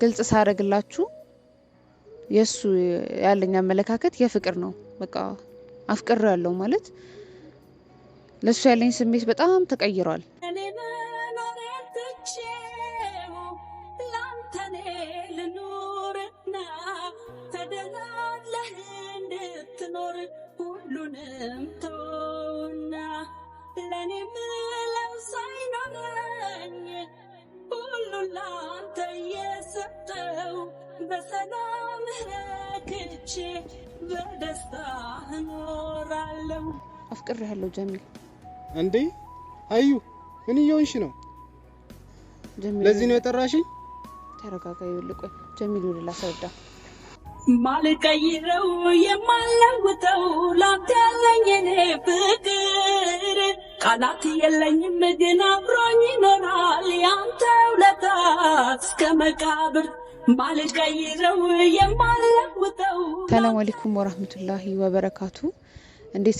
ግልጽ ሳረግላችሁ የእሱ ያለኝ አመለካከት የፍቅር ነው። በቃ አፍቅር ያለው ማለት ለእሱ ያለኝ ስሜት በጣም ተቀይሯል። እኖራለሁ። አፍቅሬያለሁ ጀሚል። እንዴ አዩ፣ ምን እየሆንሽ ነው? ለዚህ ነው የጠራሽኝ? ተረጋጋ። ይኸውልህ ጀሚል ወደ ላስረዳ ማልቀይረው የማለውጠው ላንተ ያለኝ እኔ ፍቅር ቃላት የለኝም፣ ግን አብሮኝ ይኖራል ያንተ ውለታ እስከ መቃብር ሰላም አለይኩም ወራህመቱላሂ ወበረካቱ። እንዴት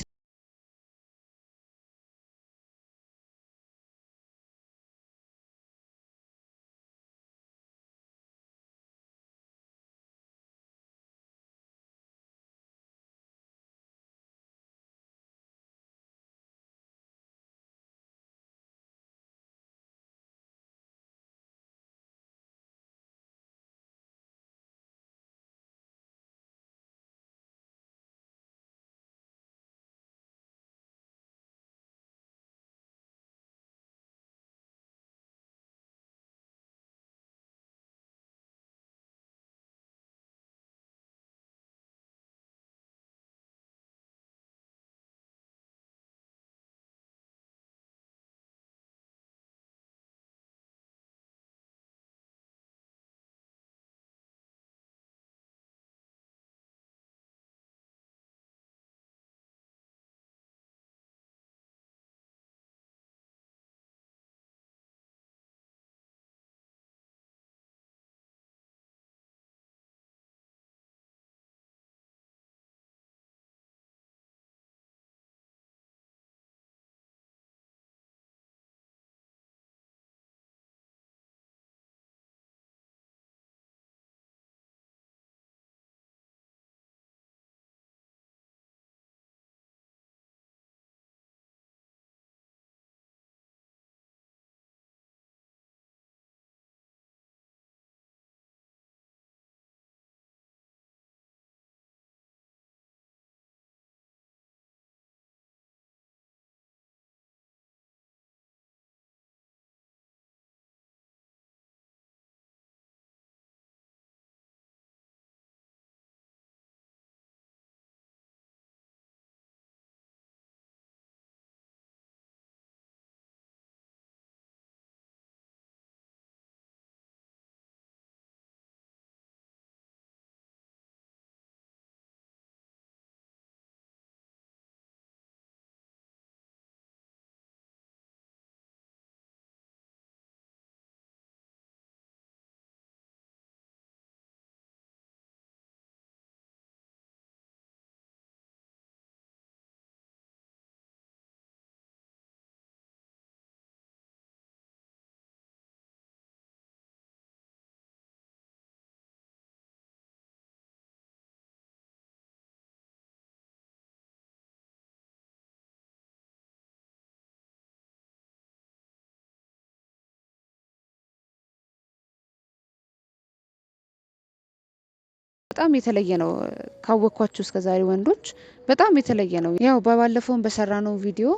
በጣም የተለየ ነው እስከ እስከዛሬ ወንዶች በጣም የተለየ ነው። ያው ባለፈውን በሰራ ነው ቪዲዮ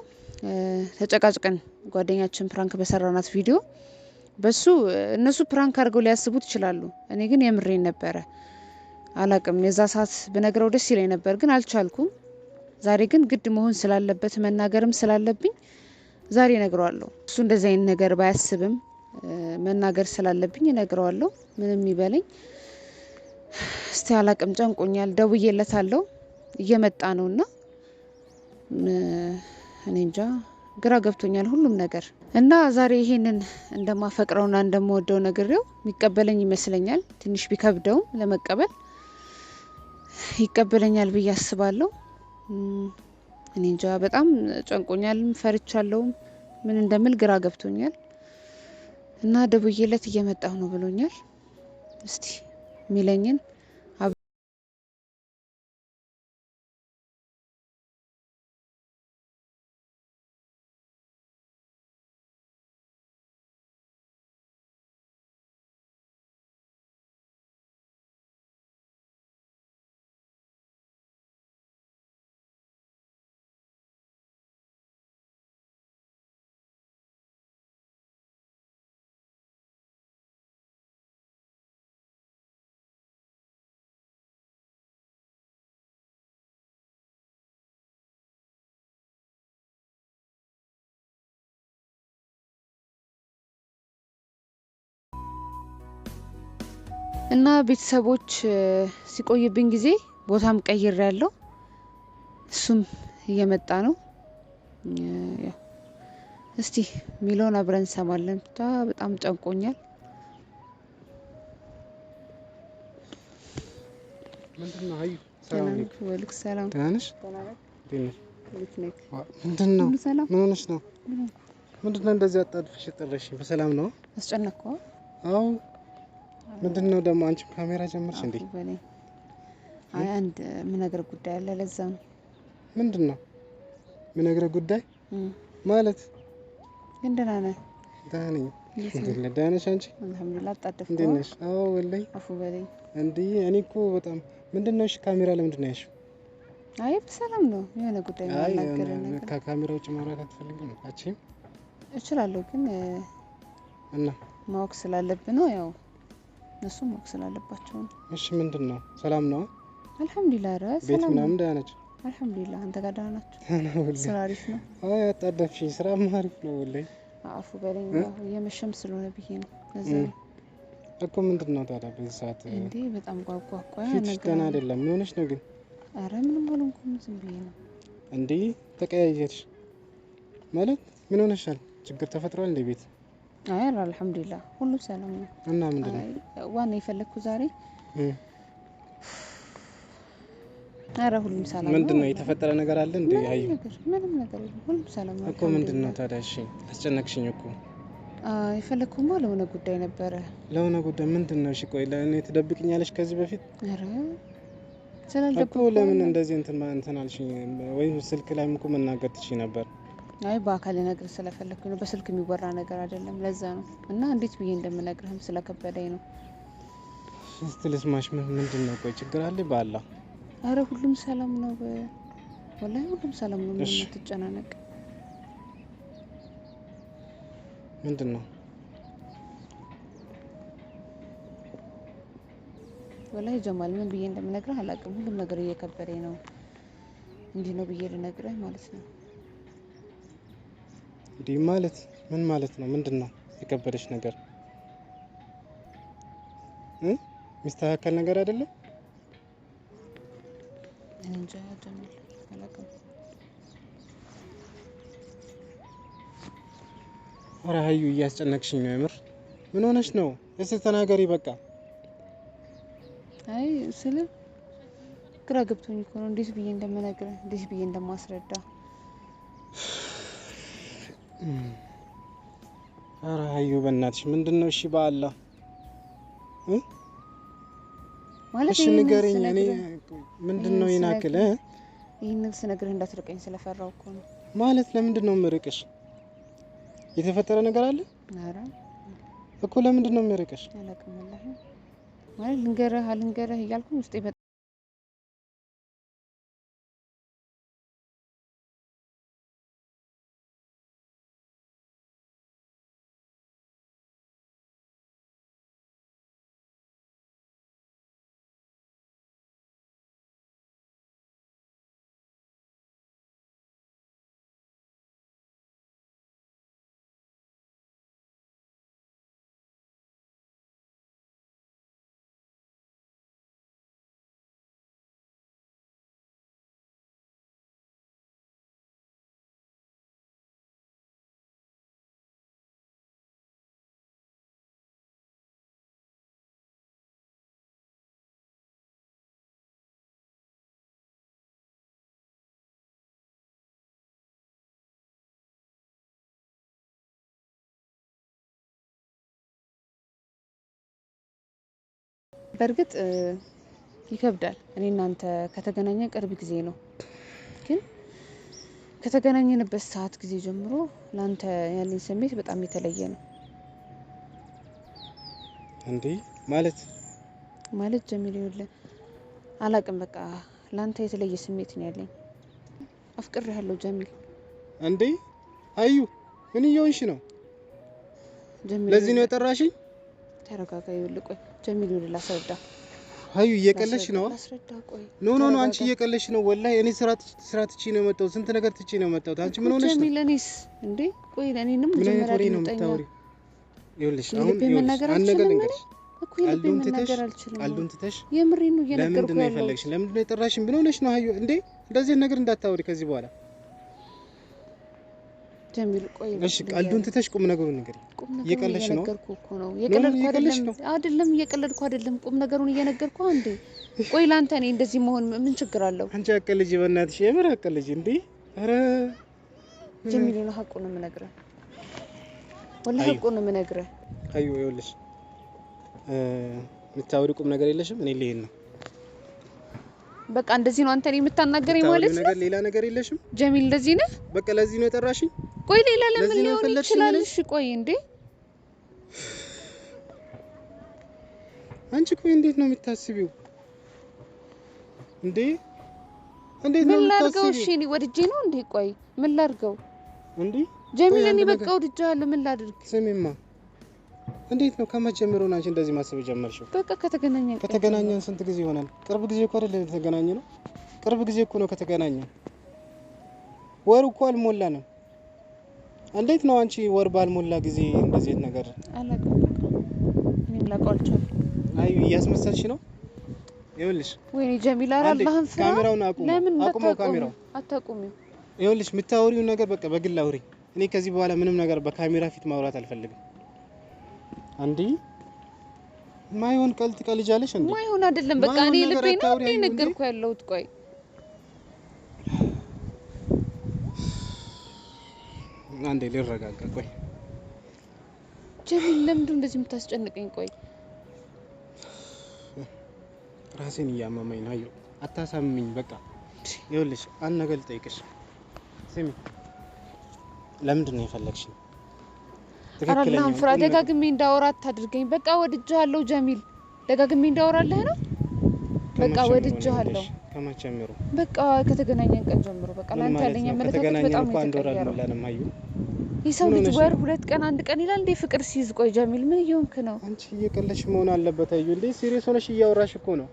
ተጨቃጭቀን ጓደኛችን ፕራንክ በሰራናት ቪዲዮ በሱ እነሱ ፕራንክ አድርገው ሊያስቡት ይችላሉ። እኔ ግን የምሬን ነበረ። አላቅም የዛ ሰዓት ብነግረው ደስ ይለኝ ነበር፣ ግን አልቻልኩም። ዛሬ ግን ግድ መሆን ስላለበት መናገርም ስላለብኝ ዛሬ እነግረዋለሁ። እሱ እንደዚህ አይነት ነገር ባያስብም መናገር ስላለብኝ እነግረዋለሁ። ምንም ይበለኝ እስቲ አላቅም፣ ጨንቆኛል። አለው እየመጣ ነውና እኔ እንጃ ግራ ገብቶኛል ሁሉም ነገር እና ዛሬ ይሄንን እንደማፈቅረውና እንደምወደው ነግሬው የሚቀበለኝ ይመስለኛል። ትንሽ ቢከብደውም ለመቀበል ይቀበለኛል ብዬ አስባለሁ። እኔ እንጃ በጣም ጨንቆኛልም ፈርቻለሁም ምን እንደምል ግራ ገብቶኛል እና ደቡዬለት እየመጣሁ ነው ብሎኛል። እስቲ የሚለኝን እና ቤተሰቦች ሲቆይብኝ ጊዜ ቦታም ቀይር ያለው እሱም እየመጣ ነው። እስቲ ሚለውን አብረን እንሰማለን። ብቻ በጣም ጨንቆኛል። ምንድነው? ምን ሆነሽ ነው? ምንድነው እንደዚህ አጣድፍሽ የጠረሽ? በሰላም ነው? አስጨነቅኩ። አዎ ምንድን ነው ደግሞ አንቺም ካሜራ ጀምርሽ እንዴ? አይ አንድ የምነግርህ ጉዳይ አለ። ለዛ ነው። ምንድን ነው የምነግርህ ጉዳይ? ማለት ግን ደህና ነህ? ደህና ነኝ። ደህና ነሽ አንቺ? አልሐምዱሊላህ። አጣደፍኩ። እንዴት ነሽ? አዎ ወላሂ። አፉ በለኝ። እንዴ እኔ እኮ በጣም ምንድን ነው? እሺ ካሜራ ለምንድን ነው ያልሽው? አይ በሰላም ነው። የሆነ ጉዳይ ነው ነገር ከካሜራ ውጭ ማውራት አትፈልግም? እችላለሁ፣ ግን እና ማወቅ ስላለብህ ነው ያው እነሱ ማወቅ ስላለባቸው ነው። እሺ ምንድን ነው? ሰላም ነው? አልሐምዱሊላ። ሰላም ቤት ምናምን ደህና ናቸው? አልሐምዱሊላ። አንተ ጋር ደህና ናቸው? ስራ አሪፍ ነው? አጣደፍሽ? ስራ አሪፍ ነው። ወላሂ አፉ በለኝ። የመሸም ስለሆነ ብዬ ነው እዛ እኮ ምንድን ነው ታዲያ በዚህ ሰዓት እንዴ? በጣም ጓጓኳ። ፊትሽ ደህና አይደለም። ምን ሆነሽ ነው ግን? አረ ምንም አልሆንኩም፣ ዝም ብዬ ነው። እንዴ ተቀያየርሽ ማለት ምን ሆነሻል? ችግር ተፈጥሯል እንዴ ቤት አይ አልሐምዱሊላህ ሁሉም ሰላም ነው። እና ምንድን ነው ዋና የፈለግኩ ዛሬ አረ ሁሉም ሰላም ነው። ምንድን ነው የተፈጠረ ነገር አለ እንዴ? አይ ምንም ነገር የለም። ሁሉም ሰላም ነው እኮ ምንድን ነው ታዲያ? እሺ አስጨነቅሽኝ እኮ። የፈለግኩማ ለሆነ ጉዳይ ነበረ። ለሆነ ጉዳይ ምንድን ነው? እሺ ቆይ ለእኔ ትደብቅኛለሽ ከዚህ በፊት? አረ ስላልደብኩ እኮ ለምን እንደዚህ እንትን እንትን አልሽኝ? ወይም ስልክ ላይም እኮ መናገር ትችይ ነበር አይ በአካል ነገር ስለፈለግኩ ነው። በስልክ የሚወራ ነገር አይደለም። ለዛ ነው እና እንዴት ብዬ እንደምነግርህም ስለከበደኝ ነው። እስቲ ምንድን ነው? ቆይ ችግር አለ? ባላ አረ ሁሉም ሰላም ነው። ወላሂ ሁሉም ሰላም ነው። ምን ትጨናነቅ? ምንድን ነው? ወላሂ ጀማል፣ ምን ብዬ እንደምነግርህ አላውቅም። ሁሉም ነገር እየከበደኝ ነው። እንዲህ ነው ብዬ ልነግርህ ማለት ነው እንዲህ ማለት ምን ማለት ነው? ምንድን ነው የከበደች ነገር? የሚስተካከል ነገር አይደለም። ኧረ ሀዩ እያስጨነቅሽኝ ነው የምር። ምን ሆነሽ ነው? እስኪ ተናገሪ በቃ። አይ ስለ ግራ ገብቶኝ እኮ ነው። እንዴት ብዬ እንደምነግርህ እንዴት ብዬ እንደማስረዳ ኧረ ሀዩ በእናትሽ ምንድን ነው? እሺ በአላህ እሺ ንገሪኝ። እኔ ምንድን ነው ይናክል ይህንን ስነግርህ እንዳትርቀኝ ስለፈራው እኮ ነው። ማለት ለምንድን ነው የምርቅሽ? የተፈጠረ ነገር አለ እኮ። ለምንድን ነው የምርቅሽ? ማለት ልንገረህ አልንገረህ እያልኩኝ ውስጤ በእርግጥ ይከብዳል። እኔ እናንተ ከተገናኘ ቅርብ ጊዜ ነው፣ ግን ከተገናኘንበት ሰዓት ጊዜ ጀምሮ ለአንተ ያለኝ ስሜት በጣም የተለየ ነው። እንዴ ማለት ማለት ጀሚል ይኸውልህ፣ አላቅም በቃ ለአንተ የተለየ ስሜት ነው ያለኝ። አፍቅር ያለው ጀሚል። እንዴ አዩ ምን እየሆንሽ ነው? ለዚህ ነው የጠራሽኝ? ተረጋጋ። ይኸውልህ ቆይ ጀሚሉን ላስረዳ። ሀዩ እየቀለሽ ነው። ኖ ኖ ኖ፣ አንቺ እየቀለሽ ነው። ወላሂ እኔ ስራ ስራ ትቼ ነው የመጣሁት። ስንት ነገር ትቼ ነው የመጣሁት። አንቺ ምን ሆነሽ ነው? ጀሚል እንዴ፣ ቆይ ለኔንም መጀመሪያ ነው የምታወሪው። ይኸውልሽ አሁን አንድ ነገር ልንገርሽ ትተሽ የምሬን ነው እየነገርኩሽ። ለምንድን ነው የፈለግሽኝ? ለምንድን ነው የጠራሽኝ? ምን ሆነሽ ነው ሀዩ? እንዴ እንደዚህ ነገር እንዳታወሪ ከዚህ በኋላ ጀሚል ቆይ፣ እሺ ቀልዱን ትተሽ ቁም ነገሩን ንገሪኝ። እየቀለድሽ ነው? ነገርኩ እኮ ነው። እየቀለድኩ አይደለም፣ አይደለም፣ እየቀለድኩ አይደለም። ቁም ነገሩን እየነገርኩ። አንዴ ቆይ፣ ላንተ እኔ እንደዚህ መሆን ምን ችግር አለው? አንቺ አቀልጂ፣ በእናትሽ የምር አቀልጂ እንዴ! አረ ጀሚል፣ ነው ሀቁ ነው የምነግርህ፣ ወላሂ ሀቁ ነው የምነግርህ። አዩ፣ ይኸውልሽ፣ የምታወሪ ቁም ነገር የለሽም። እኔ ልሄድ ነው በቃ እንደዚህ ነው አንተ የምታናገረኝ ማለት ነው? ሌላ ነገር የለሽም ጀሚል? እንደዚህ ነህ? በቃ ለዚህ ነው የጠራሽኝ? ቆይ ሌላ ለምን ሊሆን ይችላል? እሺ ቆይ እንዴ አንቺ ቆይ እንዴት ነው የምታስቢው? እንዴ እንዴት ነው የምታስቢው? እሺ እኔ ወድጄ ነው እንዴ? ቆይ ምን ላድርገው እንዴ ጀሚል? እኔ በቃ ወድጄሃለሁ ምን ላድርግ? ስሚማ እንዴት ነው ከመጀመሪያው አንቺ እንደዚህ ማሰብ ጀመርሽው? በቃ ከተገናኘን ከተገናኘን ስንት ጊዜ ይሆናል? ቅርብ ጊዜ እኮ አይደለም የተገናኘ ነው። ቅርብ ጊዜ እኮ ነው ከተገናኘን። ወር እኮ አልሞላንም። እንዴት ነው አንቺ ወር ባልሞላ ጊዜ እንደዚህ ነገር አላውቅም። እኔም ላውቀው አይ እያስመሰልሽ ነው። ይኸውልሽ፣ ወይኔ ጀሚላ፣ አላህን ፍራ። ካሜራውን አቁሙ፣ አቁሙ፣ ካሜራው አታቁሚው። ይኸውልሽ፣ የምታወሪውን ነገር በቃ በግል አውሪ። እኔ ከዚህ በኋላ ምንም ነገር በካሜራ ፊት ማውራት አልፈልግም። አንዲ ማይሆን ቀልድ ቀልጃለሽ እንዴ? ማይሆን አይደለም። በቃ እኔ ልቤ ነው እንዴ ነገርኩ ያለሁት። ቆይ አንዴ ሊረጋጋ። ቆይ ጀሚል፣ ለምንድን እንደዚህ የምታስጨንቀኝ? ቆይ ራሴን እያመመኝ ነው። አየሁ፣ አታሳምኝ። በቃ ይኸውልሽ፣ አንድ ነገር ልጠይቅሽ። ስሚ፣ ለምንድን ነው የፈለግሽኝ? ትክክለኛ አንፍራ። ደጋግሜ እንዳወራ አታድርገኝ። በቃ ወድጄሃለሁ ጀሚል። ደጋግሜ እንዳወራልህ ነው። በቃ ወድጄሃለሁ። ከመጀመሩ በቃ ከተገናኘን ቀን ጀምሮ በቃ ለአንተ ያለኝ አመለካከት የሰው ልጅ ወር ሁለት ቀን አንድ ቀን ይላል እንዴ ፍቅር ሲይዝ? ቆይ ጀሚል ምን እየሆንክ ነው? አንቺ እየቀለሽ መሆን አለበት። አዩ እንዴ ሲሪየስ ሆነሽ እያወራሽ እኮ ነው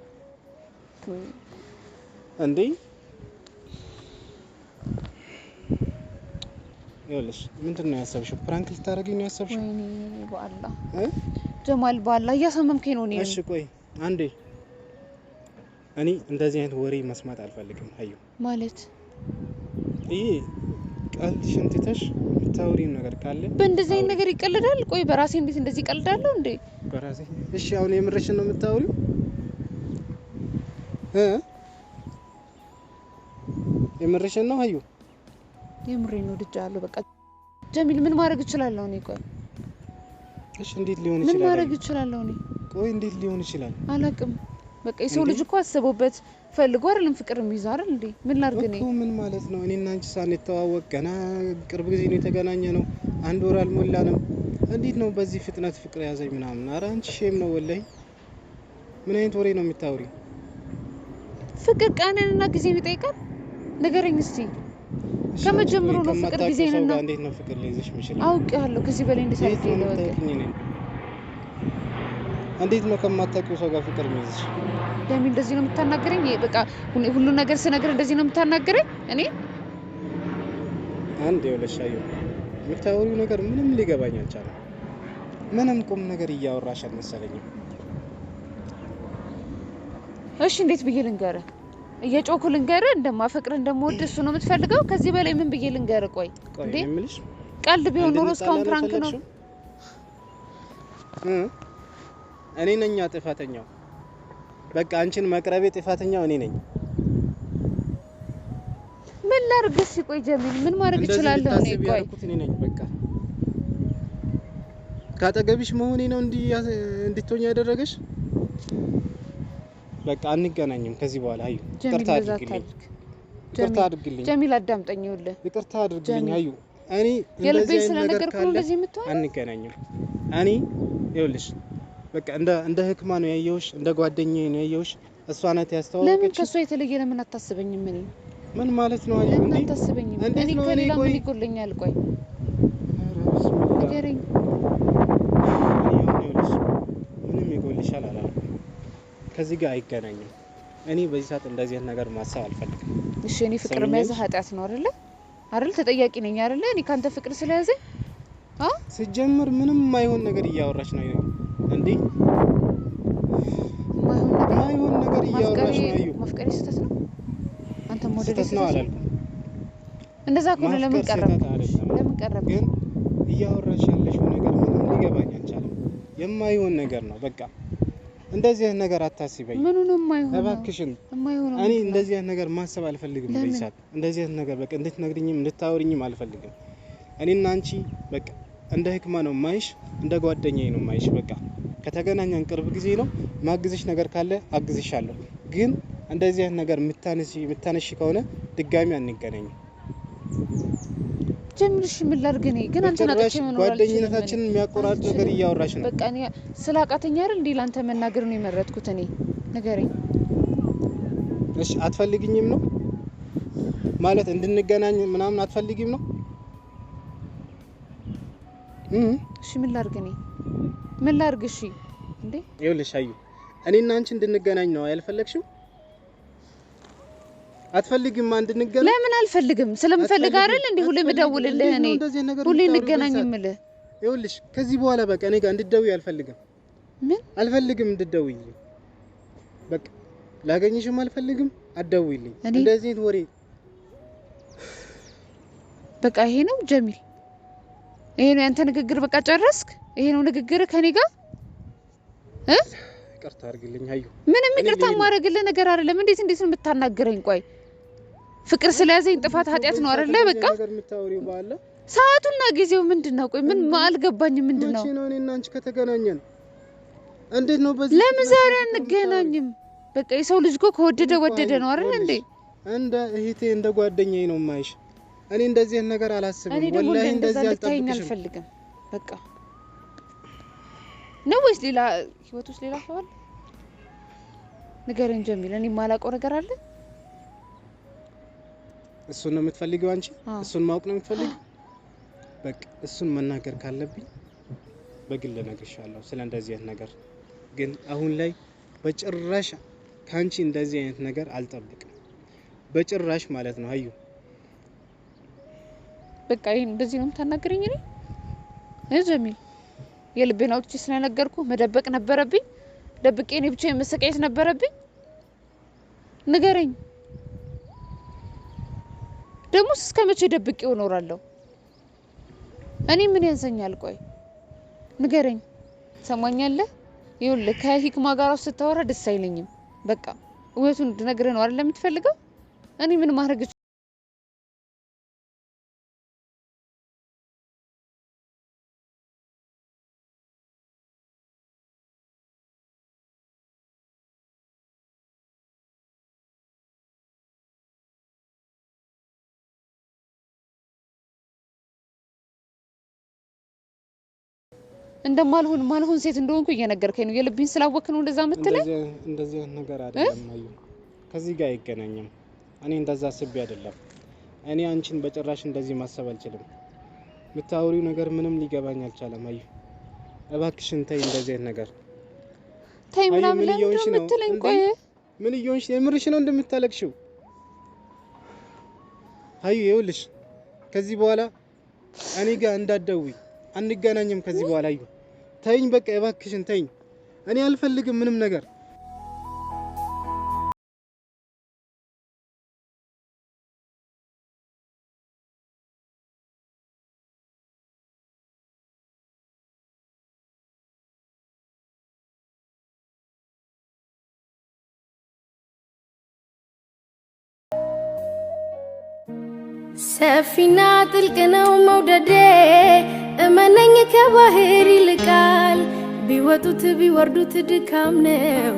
እንዴ ይኸውልሽ ምንድን ነው ያሰብሽው? ፕራንክ ልታደርጊኝ ነው ያሰብሽው? ወይኔ በአላ ጀማል፣ በአላ እያሰመምከኝ ነው። እሺ ቆይ አንዴ፣ እኔ እንደዚህ አይነት ወሬ መስማት አልፈልግም። አዩ ማለት ይሄ ቀልድሽን ትተሽ የምታወሪው ነገር ካለ በእንደዚህ አይነት ነገር ይቀልዳል? ቆይ በራሴ እንዴት እንደዚህ ይቀልዳለሁ እንዴ? በራሴ እሺ፣ አሁን የምርሽን ነው የምታወሪው እ የምርሽን ነው አዩ የምሬን ወድጃለሁ። በቃ ጀሚል ምን ማድረግ እችላለሁ እኔ? ቆይ እሺ፣ እንዴት ሊሆን ይችላል? ምን ማድረግ እችላለሁ እኔ? ቆይ እንዴት ሊሆን ይችላል? አላቅም። በቃ የሰው ልጅ እኮ አስቦበት ፈልጎ አይደለም ፍቅር የሚይዘው አይደል እንዴ? ምን ላድርግ እኔ? ምን ማለት ነው? እኔ እና አንቺ ሳንተዋወቅ ገና ቅርብ ጊዜ ነው የተገናኘ ነው። አንድ ወር አልሞላንም። እንዴት ነው በዚህ ፍጥነት ፍቅር ያዘኝ ምናምን? ኧረ አንቺ ሼም ነው ወላሂ። ምን አይነት ወሬ ነው የምታወሪ? ፍቅር ቀንንና ጊዜን ይጠይቃል? ንገረኝ እስቲ ከመጀመሩ ነው ፍቅር ጊዜ ነውና፣ እንዴት ነው ፍቅር ሊይዝሽ ምችል? አውቄዋለሁ። ከዚህ በላይ እንዴት አልኩ ነው እንዴት ነው ከማታውቂው ሰው ጋር ፍቅር የሚይዝሽ? ለምን እንደዚህ ነው የምታናገረኝ? በቃ ሁሉ ነገር ስነግር እንደዚህ ነው የምታናገረኝ? እኔ አንድ ይኸውልሽ፣ አየሁ የምታወሪው ነገር ምንም ሊገባኝ አልቻለም። ምንም ቁም ነገር እያወራሽ አልመሰለኝም። እሺ እንዴት ብዬ ልንገርህ? እየጮኩ ልንገር እንደማፈቅር እንደምወድ እሱ ነው የምትፈልገው። ከዚህ በላይ ምን ብዬ ልንገር? ቆይ እንዴ ቀልድ ቢሆን ኖሮ እስካሁን ፕራንክ ነው። እኔ ነኛ ጥፋተኛው። በቃ አንቺን መቅረቤ ጥፋተኛው እኔ ነኝ። ምን ላድርግ? እሺ ቆይ ጀሚል ምን ማድረግ እችላለሁ? እኔ ቆይ እኔ ነኝ በቃ ካጠገብሽ መሆኔ ነው እንዲህ እንድትሆኝ ያደረገሽ በቃ አንገናኝም ከዚህ በኋላ አዩ። ይቅርታ አድርግልኝ፣ ይቅርታ አድርግልኝ ጀሚል፣ አዳምጠኝ፣ ይኸውልህ ይቅርታ አድርግልኝ አዩ። እኔ የልቤን ስለነገርኩ ነው እንደዚህ የምትሆነው። አንገናኝም። እኔ ይኸውልሽ በቃ እንደ እንደ ህክማ ነው ያየሁሽ፣ እንደ ጓደኛዬ ነው ያየሁሽ። እሷ ናት ያስተዋወቀችኝ። ለምን ከእሷ የተለየ ለምን አታስበኝም? እኔ ምን ማለት ነው አዩ? ለምን አታስበኝም? እኔ ከሌላ ምን ይጎለኛል? ቆይ ንገረኝ። ምንም ይጎልሻል አላልኩም ከዚህ ጋር አይገናኝም። እኔ በዚህ ሰዓት እንደዚህ አይነት ነገር ማሰብ አልፈልግም። እሺ እኔ ፍቅር መያዝ ኃጢአት ነው አይደለ? አይደል? ተጠያቂ ነኝ አይደለ? እኔ ካንተ ፍቅር ስለያዘ አ ስጀምር ምንም ማይሆን ነገር እያወራች ነው እንዴ? ማይሆን ነገር እያወራች ነው። ማፍቀሪ ስህተት ነው። አንተ ሞዴል ነው አላልኩም። እንደዛ ከሆነ ለምን ቀረብ ለምን ቀረብ? ግን እያወራች ያለሽው ነገር ምንም ሊገባኝ አልቻለም። የማይሆን ነገር ነው በቃ እንደዚህ አይነት ነገር አታስበኝ። ምኑንም አይሆን እባክሽን፣ እኔ እንደዚህ አይነት ነገር ማሰብ አልፈልግም። በይሳት እንደዚህ አይነት ነገር በቃ እንድትነግሪኝም እንድታወሪኝም አልፈልግም። እኔና አንቺ በቃ እንደ ህክማ ነው ማይሽ፣ እንደ ጓደኛዬ ነው ማይሽ። በቃ ከተገናኘን ቅርብ ጊዜ ነው። ማግዝሽ ነገር ካለ አግዝሻለሁ፣ ግን እንደዚህ አይነት ነገር የምታነሺ ከሆነ ድጋሚ አንገናኝም። ትንሽ ምን ላድርግ እኔ ግን አንተ ናጠች ጓደኝነታችንን የሚያቆራጥ ነገር እያወራች ነው። በቃ እኔ ስላቃተኛ አይደል እንዴ ላንተ መናገር ነው የመረጥኩት። እኔ ንገረኝ እሺ። አትፈልግኝም ነው ማለት እንድንገናኝ ምናምን አትፈልጊም ነው? እሺ ምን ላድርግ እኔ ምን ላድርግ? እሺ እንዴ ይኸውልሽ፣ አዩ እኔ አንቺ እንድንገናኝ ነው ያልፈለግሽው አትፈልግም? አንድ እንገናኝ። ለምን አልፈልግም? ስለምፈልግ አይደል እንዴ ሁሌ የምደውልልህ እኔ ሁሌ እንገናኝ የምልህ። ይኸውልሽ ከዚህ በኋላ በቃ እኔ ጋር እንድትደውይ አልፈልግም። ምን አልፈልግም እንድትደውይ በቃ ላገኝሽም አልፈልግም። አትደውይልኝ። እንደዚህ ወሬ በቃ ይሄ ነው ጀሚል፣ ይሄ ነው ያንተ ንግግር። በቃ ጨረስክ? ይሄ ነው ንግግር ከኔ ጋር እ ይቅርታ አድርግልኝ አዩ። ምንም ይቅርታ ማድረግልህ ነገር አይደለም። እንዴት እንዴት ነው የምታናግረኝ? ቆይ ፍቅር ስለያዘኝ ጥፋት ኃጢአት ነው አይደለ? በቃ ሰዓቱና ጊዜው ምንድን ነው? ቆይ ምን አልገባኝም። ምንድን ነው? በዚህ ለምን ዛሬ አንገናኝም? በቃ የሰው ልጅ እኮ ከወደደ ወደደ ነው አይደል እንዴ? እንደ እህቴ እንደ ጓደኛዬ ነው የማይሽ። እኔ እንደዚህ ነገር አላስብም። ወላሂ እንደዚህ አልፈልግም። በቃ ነው ወይስ ሌላ ህይወት ውስጥ ሌላ ሰው አለ? ንገረኝ ጀሚል፣ እኔ የማላውቀው ነገር አለ እሱን ነው የምትፈልገው አንቺ? እሱን ማወቅ ነው የምትፈልጊው? በቃ እሱን መናገር ካለብኝ በግል እነግርሻለሁ ስለ እንደዚህ አይነት ነገር። ግን አሁን ላይ በጭራሽ ከአንቺ እንደዚህ አይነት ነገር አልጠብቅም፣ በጭራሽ ማለት ነው። አዩ በቃ ይሄን እንደዚህ ነው የምታናገረኝ? እኔ እህ ጀሚል የልቤን አውጥቼ ስለነገርኩ መደበቅ ነበረብኝ? ደብቄ እኔ ብቻ መሰቃየት ነበረብኝ? ንገረኝ። ደግሞ እስከ መቼ ደብቄው እኖራለሁ? እኔ ምን ያንሰኛል? ቆይ ንገረኝ። ሰማኛለህ? ይኸውልህ ከሂክማ ጋር ስታወራ ደስ አይለኝም። በቃ እውነቱን እንድነግርህ ነው አይደል የምትፈልገው? እኔ ምን ማድረግ እንደማልሆን ማልሆን ሴት እንደሆንኩ እየነገርከኝ ነው። የልብኝ ስላወክ ነው እንደዛ የምትለኝ። እንደዚህ ነገር አይደለም አዩ፣ ከዚህ ጋር አይገናኝም። እኔ እንደዛ አስቤ አይደለም። እኔ አንቺን በጭራሽ እንደዚህ ማሰብ አልችልም። የምታወሪው ነገር ምንም ሊገባኝ አልቻለም አዩ። እባክሽን ተይ እንደዚህ አይነት ነገር ተይ። ምናምን ለምንድን ነው የምትለኝ? ቆይ ምን እየሆንሽ የምርሽ ነው እንደምታለቅሽው? አዩ ይኸውልሽ፣ ከዚህ በኋላ እኔ ጋር እንዳትደውይ አንገናኝም ከዚህ በኋላ እዩ። ተይኝ በቃ የባክሽን ተይኝ። እኔ አልፈልግም ምንም ነገር። ሰፊና ጥልቅ ነው መውደዴ እመነኝ ከባህር ይልቃል። ቢወጡት ቢወርዱት ድካም ነው።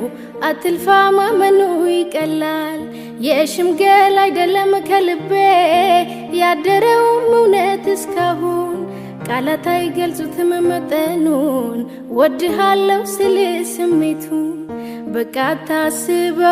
አትልፋ ማመኑ ይቀላል። የሽምገል አይደለም ከልቤ ያደረውም እውነት እስካሁን ቃላት አይገልጹትም መጠኑን ወድሃለው ስል ስሜቱን በቃ ታስበው